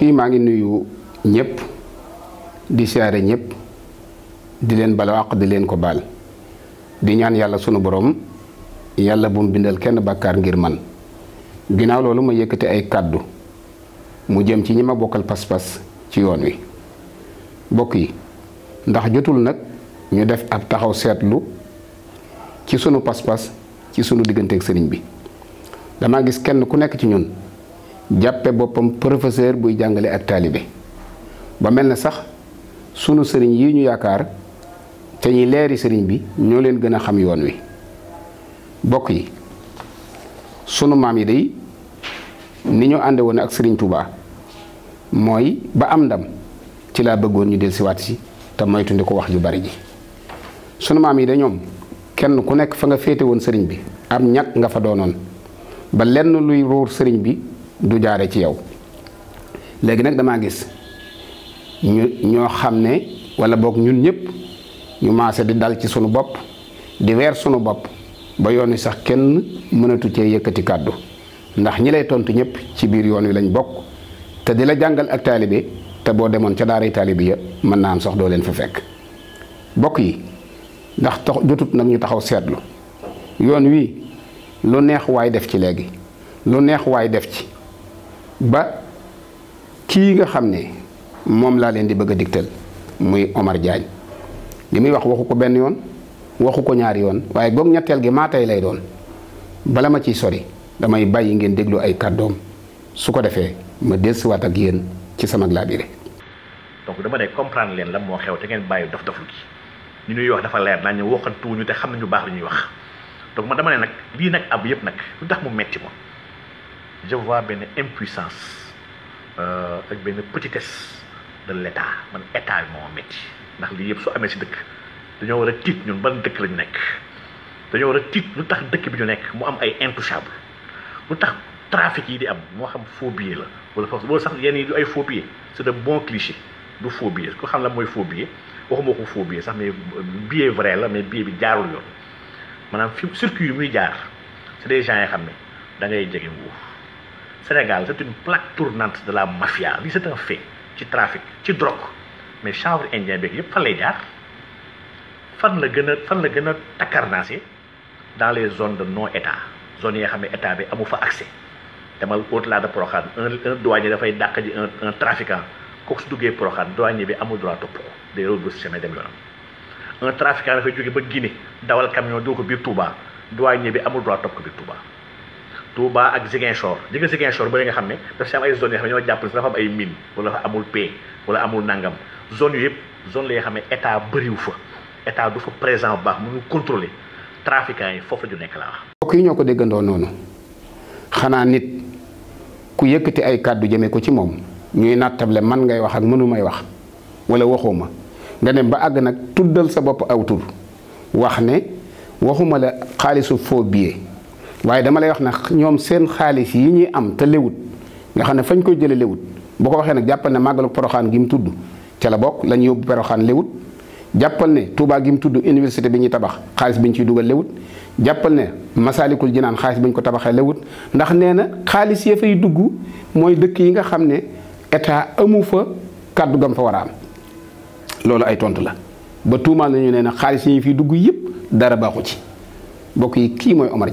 mbokk maa ngi nuyu ñëpp di siyaare ñëpp di leen bala wàq di leen ko baal di ñaan yàlla sunu boroom yàlla bu mu bindal kenn bàkkaar ngir man ginnaaw loolu ma yëkkate ay kàddu mu jëm ci ñi ma bokkal pas-pas ci yoon wi mbokk yi ndax jotul nag ñu def ab taxaw seetlu ci sunu pas-pas ci sunu digganteeg sëriñ bi dama gis kenn ku nekk ci ñun jàppe boppam professeur buy jàngale ak taalibe ba mel na sax sunu sëriñ yi ñu yaakaar te ñi leeri sëriñ bi ñoo leen gën a xam yoon wi bokk yi sunu maam yi day ni ñu ànde woon ak sëriñ Touba mooy ba am ndam ci laa bëggoon ñu del siwaat si te moytundi ko wax ju bari ji sunu maam yi da ñoom kenn ku nekk fa nga féete woon sëriñ bi am ñàkk nga fa doonoon ba lenn luy ruur sëriñ bi du jaare ci yow léegi nag dama gis ñu ñoo xam ne wala boog ñun ñëpp ñu maase di dal ci sunu bopp di weer sunu bopp ba yoon wi sax kenn mënatu cee yëkkati kàddu ndax ñi lay tontu ñëpp ci biir yoon wi lañ bokk te di la jàngal ak taalibe te boo demoon ca daaray taalibe ya mën naa am sax doo leen fa fekk bokk yi ndax tax jotut nag ñu taxaw seetlu yoon wi lu neex waay def ci léegi lu neex waay def ci ba kii nga xam ne moom laa leen di bëgg a digtal muy Omar Diagne li muy wax waxu ko benn yoon waxu ko ñaari yoon waaye goog ñetteel gi maa tey lay doon bala ma ciy sori damay bàyyi ngeen déglu ay kàddoom su ko defee ma dellusiwaat ak yéen ci sama laabire. donc dama ne comprendre leen la moo xew te ngeen bàyyi dof doflu gi ñu ñuy wax dafa leer naa ñu waxantuwuñu te xam nañu baax lu ñuy wax donc man dama ne nag lii nag ab yëpp nag lu tax mu metti ma. je vois benn impuissance euh, ak benn petitesse de l' état man état bi moo métti ndax lii yëpp su amee si dëkk dañoo war a tiit ñun ban dëkk lañu nekk dañoo war a tiit lu tax dëkk bi ñu nekk mu am ay intouchable lu tax trafic yi di am moo xam faux billet la wala foofu wala sax yenn yi du ay faux billet c' de bon cliché du faux billet ko xam la mooy faux billet waxuma ko faux billet sax mais billet vrai la mais billet bi jaarul yoon maanaam fi yu muy jaar c' est des gens yoo xam ne da ngay jege Sénégal c' est une plaque tournante de la mafia lii c' est un fait ci trafic ci droc mais chanvre indien beeg yëpp fan lay jaar fan la gën a fan la gën a takkarnaase dans les zones de non état zone yi xam ne état bi amu fa accès demal au laa de Proxaan un un douanier dafay dàq ji un un trafiquant ko su duggee Proxaan douanier bi amul droit topp ko day robuste chemin dem yoonam un trafiquant dafay jóge ba Guinée dawal camion doo ko biir Touba douanier bi amul droit topp Touba. Touba ak Ziguinchor li nga Ziguinchor ba nga xam ne daf si am ay zones yoo xam ne ñoo jàpp dafa am ay mine wala dafa amul paix wala amul nangam zone yu yëpp zone la yoo xam ne état bëriwu fa état du fa présent bu baax mënu contrôler trafiquants yi foofu du ñu nekk laa wax. mbokk yi ñoo ko déggandoo noonu xanaa nit ku yëkkati ay kàddu jëmee ko ci moom ñuy nattable man ngay wax ak mënu may wax wala waxuma nga dem ba àgg nag tuddal sa bopp awtu wax ne waxuma la xaalisu faux billet. waaye dama lay wax ne ñoom seen xaalis yi ñuy am te léwut nga xam ne fañ koy jëlee léwut boo ko waxee nag jàppal ne màggalu poroxaan gi mu tudd ca la bokk lañ yóbbu poroxaan léwut jàppal ne Touba gi mu tudd université bi ñuy tabax xaalis bi ñu ciy dugal léwut jàppal ne masaalikul jinaan xaalis bi ñu ko tabaxee léwut ndax nee na xaalis ya fay dugg mooy dëkk yi nga xam ne état amu fa kàddu gam fa war a am loolu ay tontu la ba tuumaal nañu nee na xaalis yi ñu fiy dugg yëpp dara baaxu ci mbokk yi kii mooy Omar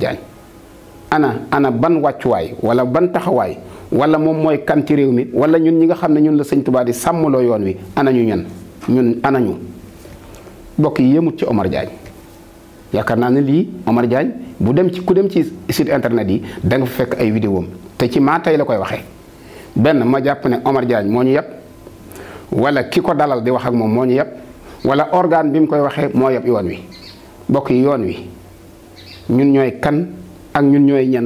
ana ana ban wàccuwaay wala ban taxawaay wala moom mooy kan ci réew mi wala ñun ñi nga xam ne ñun la sëñ Tuubaa di sàmmloo yoon wi ana ñu ñan ñun ana ñu bokk yi yëmut ci Omar Diagne yaakaar naa ne lii Omar Diagne bu dem ci ku dem ci site internet yi danga fu fekk ay vidéo am te ci maa tey la koy waxe benn ma jàpp ne Omar Diagne moo ñu yab wala ki ko dalal di wax ak moom moo ñu yab wala organe bi mu koy waxee moo yab yoon wi bokk yi yoon wi ñun ñooy ak ñun ñooy ñan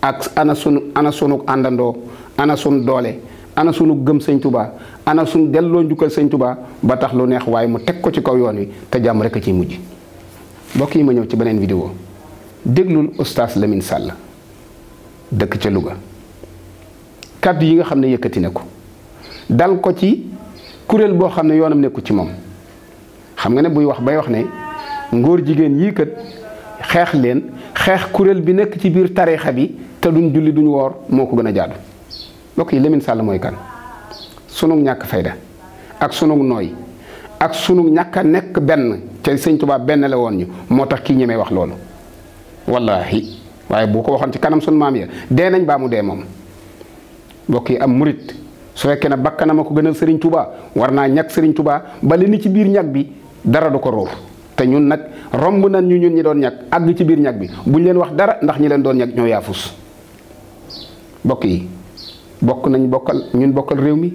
ak ana sunu ana sunu àndandoo ana sunu doole ana sunu gëm sëñ tubaa ana sunu delloo njukkal sëñ tubaa ba tax lu neex waaye mu teg ko ci kaw yoon wi te jàmm rek a ciy mujj mbokk yi ma ñëw ci beneen vidéo déglul oustaz Lamine Sall dëkk ca luga kàddu yi nga xam ne yëkkati na ko dal ko ci kuréel boo xam ne yoonam nekku ci moom xam nga ne buy wax bay wax ne ngóor jigéen yii kat xeex leen xeex kuréel bi nekk ci biir tariixa bi te duñ julli duñ woor moo ko gën a jaadu mbokk yi Lamine Sall mooy kan sunu ñàkk fayda ak sunu nooy ak sunu ñàkk a nekk benn te sëñ Tuubaa benn la woon ñu moo tax kii ñemee wax loolu wallaahi waaye bu ko waxoon ci kanam sunu maam ya dee nañ baa mu dee moom mbokk yi am murit su fekkee ne bakkanam a ko gënal sëriñ tubaa war naa ñàkk sëriñ tubaa ba ni ci biir ñàkk bi dara du ko róor te ñun nag romb nañ ñu ñun ñi doon ñag àgg ci biir ñag bi buñ leen wax dara ndax ñi leen doon ñag ñoo yaafus bokk yi bokk nañ bokkal ñun bokkal réew mi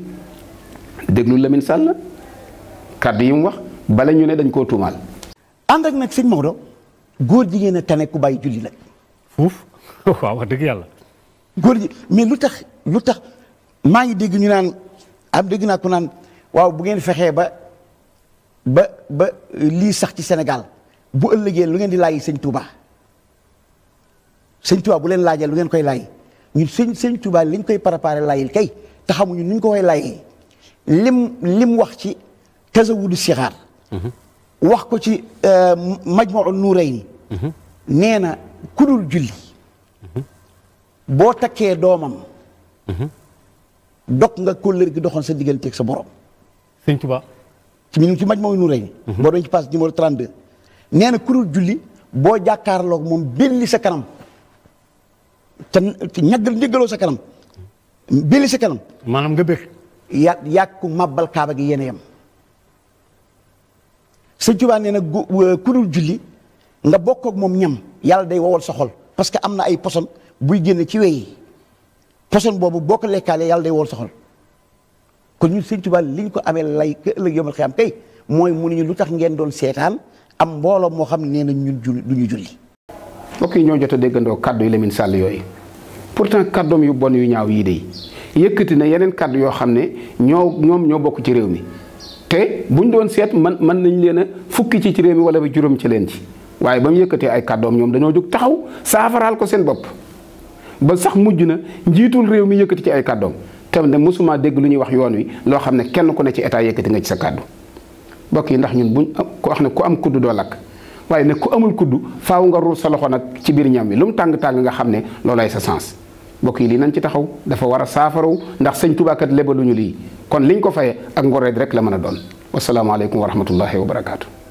déglu Lamine Sall kàddu yi mu wax bala ñu ne dañ koo tuumaal. ànd ak nag sëñ Maodo góor jigéen a tane ku bàyyi julli nag. fuuf waaw wax dëgg yàlla. góor ji mais lu tax lu tax maa ngi dégg ñu naan am dégg naa ku naan waaw bu ngeen fexee ba. ba ba lii sax ci senegal bu ëllëgee lu ngeen di laaj sëñ Touba sëñ Touba bu leen laaja lu ngeen koy laay ñun sëñ sëñ Touba liñ koy préparé laayil kay te xamuñu ni ko koy laajee lim lim wax ci tasawudu sixaar mhm. wax ko ci euh, majmuu nuurayni mhm. nee na kudul julli mhm. boo takkee doomam dog nga kóllër gi doxoon sa digganteeg sa boroom sëñ ci ñu ngi ci Majmahun Nurayni mhm. boo doon ci passe numéro 32 nee na kurul julli boo jàkkaarloog moom belli sa kanam te ñaggal njëggaloo sa kanam belli sa kanam maanaam nga bëgg ya yàkku màbbal kaaba gi yéen a yem sëñ Tuubaa nee na euh, kurul julli nga bokk moom ñam yàlla day wowal sa xol parce que am na ay poson buy génn ci weyi poson boobu boo ko lekkaalee yàlla day wowal sa xol kon ñu sëñ Tuubaa li ñu ko amee lay ka ëllëg yomal xiyaam tey mooy mënuñu lu tax ngeen doon seetaan am mbooloo moo xam ne nañ ñun jul du ñu julli mbokk yi ñoo jot a kàddu yi Lamine Sall yooyu pourtant kàddoom yu bon yu ñaaw yii day yëkkati na yeneen kàddu yoo xam ne ñoo ñoom ñoo bokk ci réew mi te buñ doon seet man mën nañ leen a fukki ci ci réew mi wala ba juróom ci leen ci waaye ba mu yëkkatee ay kàddoom ñoom dañoo jóg taxaw saafaraal ko seen bopp ba sax mujj na njiitul réew mi yëkkati ci ay kàddoom te ne mosuma dégg lu ñuy wax yoon wi loo xam ne kenn ku ne ci état yëkkati nga ci sa kàddu bokk yi ndax ñun buñ ko wax ne ku am kudd doo lakk waaye nag ku amul kuddu faaw nga ruus sa loxo nag ci biir ñam wi lu mu tàng-tàng nga xam ne loolay sa sens mbokk yi lii nañ ci taxaw dafa war a saafaraw ndax sëñ tubaakat lebaluñu lii kon liñ ko faye ak ngoreed rek la mën a doon wasalaamaaleykum wa rahmatullahi wa barakaatu.